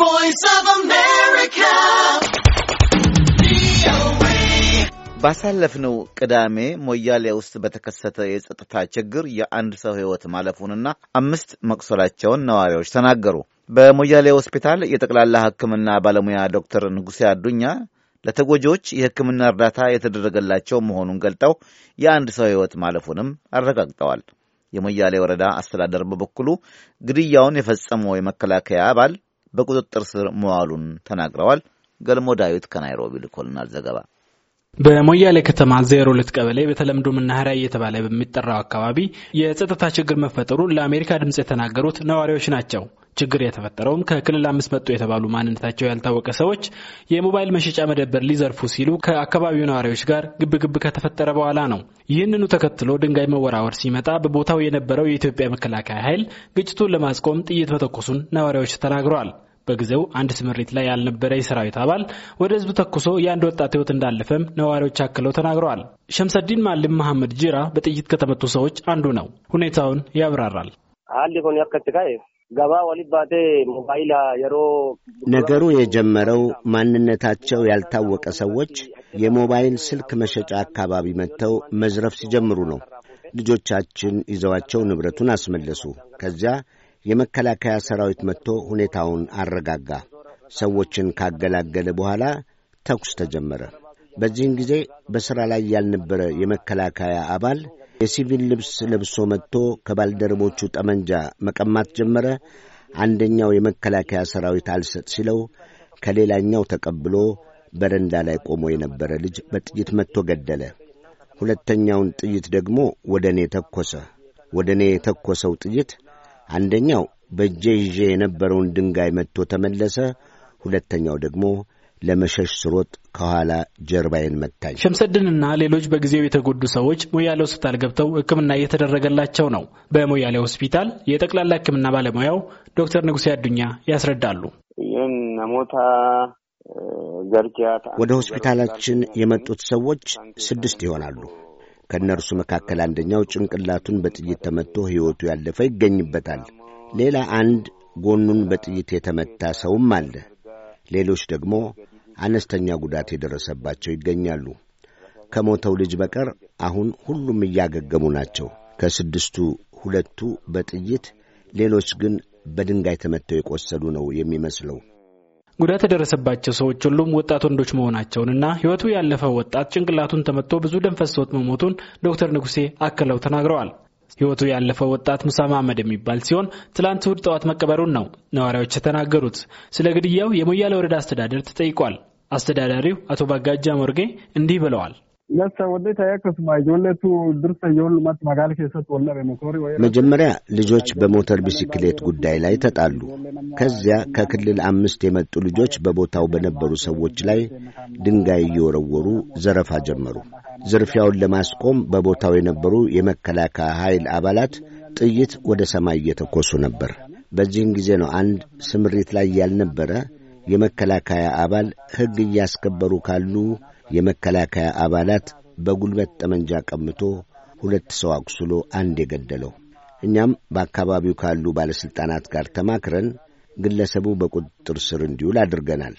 voice of America. ባሳለፍነው ቅዳሜ ሞያሌ ውስጥ በተከሰተ የጸጥታ ችግር የአንድ ሰው ሕይወት ማለፉንና አምስት መቁሰላቸውን ነዋሪዎች ተናገሩ። በሞያሌ ሆስፒታል የጠቅላላ ሕክምና ባለሙያ ዶክተር ንጉሴ አዱኛ ለተጎጂዎች የሕክምና እርዳታ የተደረገላቸው መሆኑን ገልጠው የአንድ ሰው ሕይወት ማለፉንም አረጋግጠዋል። የሞያሌ ወረዳ አስተዳደር በበኩሉ ግድያውን የፈጸመው የመከላከያ አባል በቁጥጥር ስር መዋሉን ተናግረዋል። ገልሞ ዳዊት ከናይሮቢ ልኮልናል ዘገባ። በሞያሌ ከተማ ዜሮ ሁለት ቀበሌ በተለምዶ መናኸሪያ እየተባለ በሚጠራው አካባቢ የጸጥታ ችግር መፈጠሩን ለአሜሪካ ድምፅ የተናገሩት ነዋሪዎች ናቸው። ችግር የተፈጠረውም ከክልል አምስት መጡ የተባሉ ማንነታቸው ያልታወቀ ሰዎች የሞባይል መሸጫ መደብር ሊዘርፉ ሲሉ ከአካባቢው ነዋሪዎች ጋር ግብግብ ከተፈጠረ በኋላ ነው። ይህንኑ ተከትሎ ድንጋይ መወራወር ሲመጣ በቦታው የነበረው የኢትዮጵያ መከላከያ ኃይል ግጭቱን ለማስቆም ጥይት መተኮሱን ነዋሪዎች ተናግረዋል። በጊዜው አንድ ስምሪት ላይ ያልነበረ የሰራዊት አባል ወደ ህዝብ ተኩሶ የአንድ ወጣት ህይወት እንዳለፈም ነዋሪዎች አክለው ተናግረዋል። ሸምሰዲን ማልም መሐመድ ጅራ በጥይት ከተመቱ ሰዎች አንዱ ነው። ሁኔታውን ያብራራል። ነገሩ የጀመረው ማንነታቸው ያልታወቀ ሰዎች የሞባይል ስልክ መሸጫ አካባቢ መጥተው መዝረፍ ሲጀምሩ ነው። ልጆቻችን ይዘዋቸው ንብረቱን አስመለሱ። ከዚያ የመከላከያ ሰራዊት መጥቶ ሁኔታውን አረጋጋ። ሰዎችን ካገላገለ በኋላ ተኩስ ተጀመረ። በዚህን ጊዜ በሥራ ላይ ያልነበረ የመከላከያ አባል የሲቪል ልብስ ለብሶ መጥቶ ከባልደረቦቹ ጠመንጃ መቀማት ጀመረ። አንደኛው የመከላከያ ሰራዊት አልሰጥ ሲለው ከሌላኛው ተቀብሎ በረንዳ ላይ ቆሞ የነበረ ልጅ በጥይት መጥቶ ገደለ። ሁለተኛውን ጥይት ደግሞ ወደ እኔ ተኮሰ። ወደ እኔ የተኮሰው ጥይት አንደኛው በእጄ ይዤ የነበረውን ድንጋይ መጥቶ ተመለሰ። ሁለተኛው ደግሞ ለመሸሽ ስሮጥ ከኋላ ጀርባዬን መታኝ። ሸምሰድንና ሌሎች በጊዜው የተጎዱ ሰዎች ሞያሌ ሆስፒታል ገብተው ሕክምና እየተደረገላቸው ነው። በሞያሌ ሆስፒታል የጠቅላላ ሕክምና ባለሙያው ዶክተር ንጉሴ አዱኛ ያስረዳሉ። ወደ ሆስፒታላችን የመጡት ሰዎች ስድስት ይሆናሉ። ከእነርሱ መካከል አንደኛው ጭንቅላቱን በጥይት ተመቶ ሕይወቱ ያለፈ ይገኝበታል። ሌላ አንድ ጎኑን በጥይት የተመታ ሰውም አለ። ሌሎች ደግሞ አነስተኛ ጉዳት የደረሰባቸው ይገኛሉ። ከሞተው ልጅ በቀር አሁን ሁሉም እያገገሙ ናቸው። ከስድስቱ ሁለቱ በጥይት ሌሎች ግን በድንጋይ ተመተው የቆሰሉ ነው የሚመስለው። ጉዳት የደረሰባቸው ሰዎች ሁሉም ወጣት ወንዶች መሆናቸውንና ሕይወቱ ያለፈው ወጣት ጭንቅላቱን ተመትቶ ብዙ ደም ፈሶት መሞቱን ዶክተር ንጉሴ አክለው ተናግረዋል። ሕይወቱ ያለፈው ወጣት ሙሳ መሐመድ የሚባል ሲሆን ትላንት እሁድ ጠዋት መቀበሩን ነው ነዋሪዎች የተናገሩት። ስለ ግድያው የሞያሌ ወረዳ አስተዳደር ተጠይቋል። አስተዳዳሪው አቶ ባጋጃ ሞርጌ እንዲህ ብለዋል። መጀመሪያ ልጆች በሞተር ቢስክሌት ጉዳይ ላይ ተጣሉ። ከዚያ ከክልል አምስት የመጡ ልጆች በቦታው በነበሩ ሰዎች ላይ ድንጋይ እየወረወሩ ዘረፋ ጀመሩ። ዝርፊያውን ለማስቆም በቦታው የነበሩ የመከላከያ ኃይል አባላት ጥይት ወደ ሰማይ እየተኮሱ ነበር። በዚህን ጊዜ ነው አንድ ስምሪት ላይ ያልነበረ የመከላከያ አባል ሕግ እያስከበሩ ካሉ የመከላከያ አባላት በጉልበት ጠመንጃ ቀምቶ ሁለት ሰው አቁስሎ አንድ የገደለው። እኛም በአካባቢው ካሉ ባለሥልጣናት ጋር ተማክረን ግለሰቡ በቁጥጥር ስር እንዲውል አድርገናል።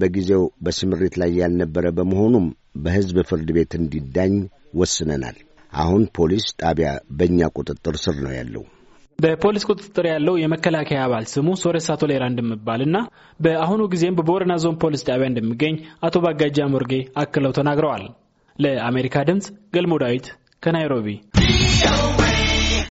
በጊዜው በስምሪት ላይ ያልነበረ በመሆኑም በሕዝብ ፍርድ ቤት እንዲዳኝ ወስነናል። አሁን ፖሊስ ጣቢያ በእኛ ቁጥጥር ስር ነው ያለው። በፖሊስ ቁጥጥር ያለው የመከላከያ አባል ስሙ ሶሬሳ ቶሌራ እንደሚባልና በአሁኑ ጊዜም በቦረና ዞን ፖሊስ ጣቢያ እንደሚገኝ አቶ ባጋጃ ሞርጌ አክለው ተናግረዋል። ለአሜሪካ ድምፅ ገልሞ ዳዊት ከናይሮቢ